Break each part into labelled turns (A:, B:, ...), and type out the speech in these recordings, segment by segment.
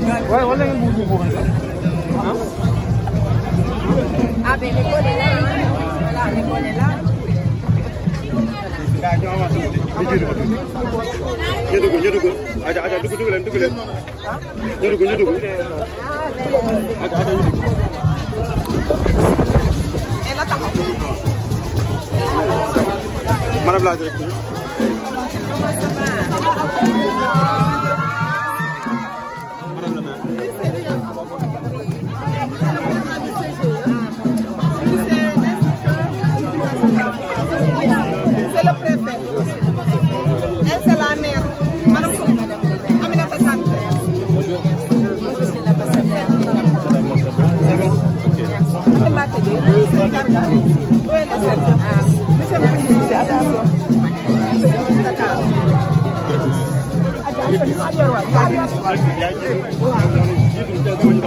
A: Ouais, wala yung bububuhan ka. Ah, ha? Abe, lego nila. Aja, aja, dugu, dugu, dugu. Nyedugu, nyedugu. Aja, aja, nyedugu. Enak tak? Mana belajar?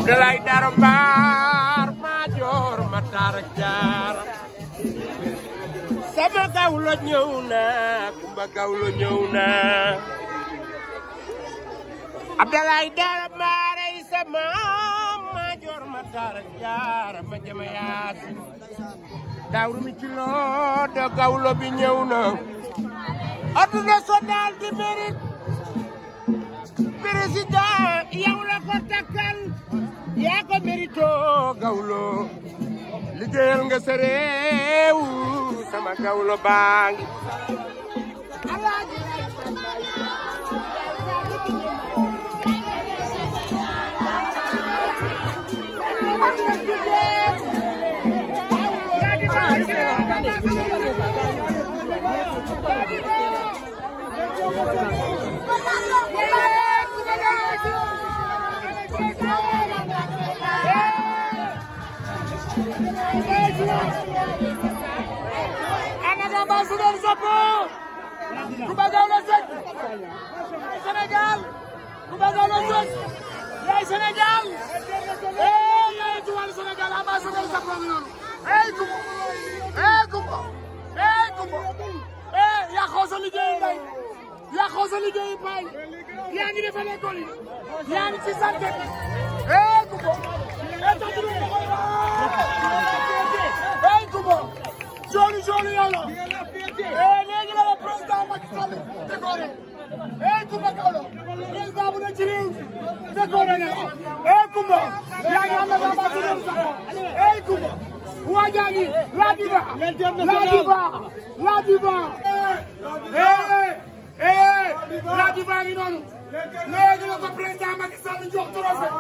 A: Gelai darbar major matar jar sama gawlo ñëw na kumba gawlo ñëw na darbar ay sama major matar jar ma jama yaas dawru mi ci lo do gawlo bi ñëw na ordre national du président yow la ya, ko takkal yaa ko mérito gawlo liggéeyal nga sa sama gawlo baa ngi Anada ambassadeur Japon Coumba Gawlo Seck Sénégal Coumba Gawlo Seck yaay Sénégal eh yaay tuwal Sénégal ambassadeur Japon bi noonu eh Coumba eh Coumba eh Coumba eh yaa xoo sa liggéey mbay yàqoo sa liggéeyu baay yaa ngi defal école yi yaa ngi ci santé bi eh Kumbo eh tàggatoo bi eh Kumbo joolu joolu yow la eh léegi la la président Macky Sall décoré eh Kumbo Gawlo président bu ne ci réew décoré na eh Kumbo yaa ngi am na baax ci réew sax eh Kumbo waa jaa ngi la diva la diva la diva eh Eh, laaj bi baa ngi noonu léegi la ko président Macky Sall jox trophée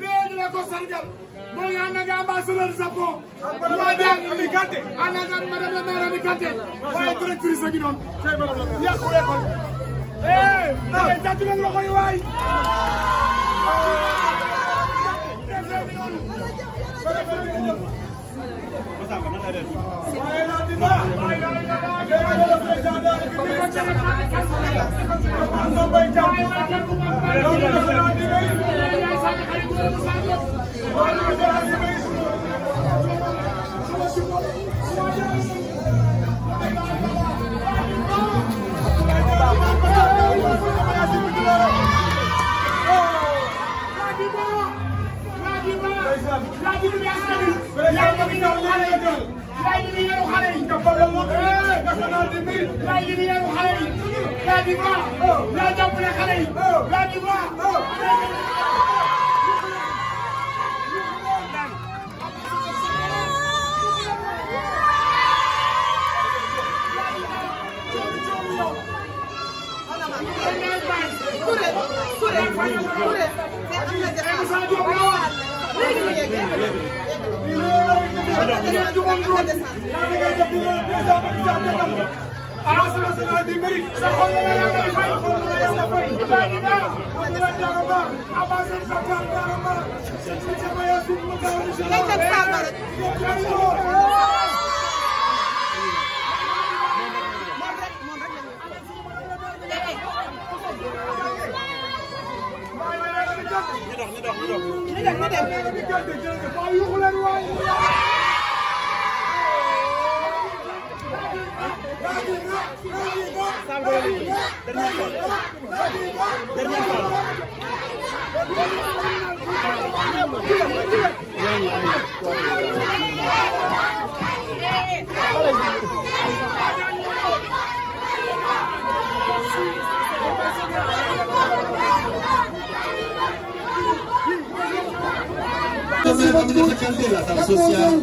A: léegi la ko sargal mooy ànd waaye directrice la ñu doon yàqu école. Eh, da ngay jàpp leen loxo yi waay. waaye Thank you. Lagi yéeneelu xale yi laa di baax laa أعاصم صلاة الملك سخر لنا الحي ولا يستفي لا إله ولا جربا عباس الفتى جربا سجد ما يسوق مكان شرابا ñu dox ñu dox ñu dox Merci beaucoup.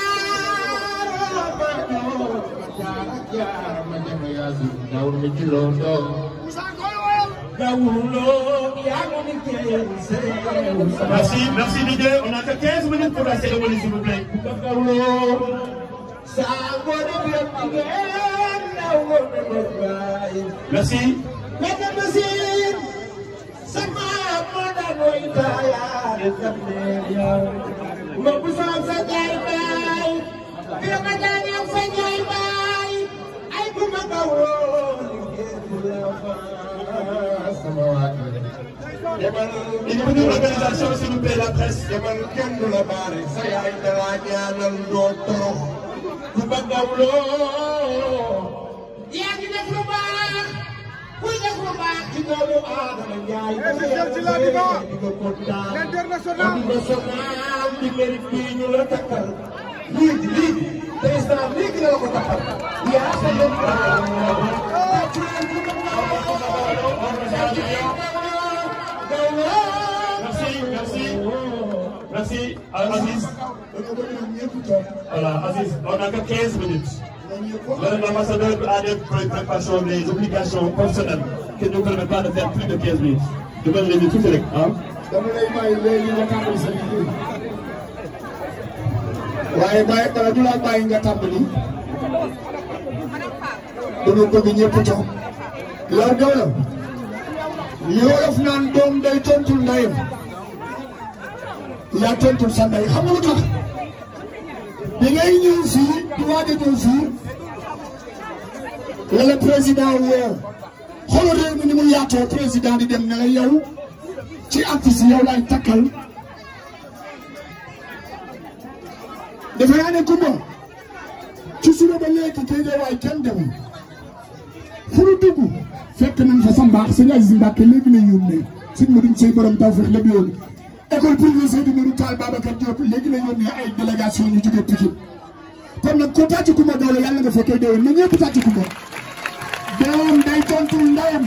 A: jarak-jarak macam ya daun niki Merci, merci DJ. On a que 15 minutes pour la cérémonie, s'il vous plaît. Merci. Merci. une organisation s'il vous plaît la presse demal kenn du la baare sa yaay da laa ñaanal doo torox du badawloo yaa ngi def lu baax kuy def lu baax ci doomu aadama njaay di nga kontaan international di mérite bi ñu la takkal lii lii président la merci merci merci Aziz Aziz on a que 15 minutes. L'ambassadeur a des préoccupations, des obligations personnelles qui ne permettent pas de faire plus de 15 minutes. Je vais les donner tout de suite. Hein. waaye bàyyi dara du la bàyyi nga tàmbali dama bëgg ñëpp toog loolu doona li wolof naan doom day tontul ndeyam yaa tontul sa ndey xam nga lu tax bi ngay ñëw fii di waaj a ñëw fii la la président woo xoolal réew ni mu yaatoo président di dem ne la ci artiste yow takkal dafa naa ne kumba ci suba ba léegi Géejawaay kenn demul fu nu dugg fekk nañ fa sa mbaax sëñ Aziz Mbacke léegi la yónnee sëñ ma duñ borom taw fex lépp yoonu école privée Seydou Nourou Tall Babacar Diop léegi la yónnee ay délégation ñu jógee Pikine kon nag ko tàcc kumba doole yàlla nga fekkee déwén na ñëpp tàcc kumba doom day tontul ndayam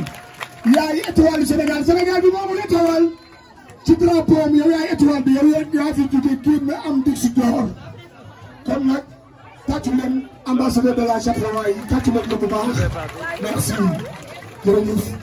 A: yaay étoile Sénégal Sénégal bi moomu étoile ci drapeau yaay étoile bi yow yaa fi jógee kon nag tàcc leen ambassadeur de la Châtelleraille yi tàcc leen ko bu baax merci jërëjëf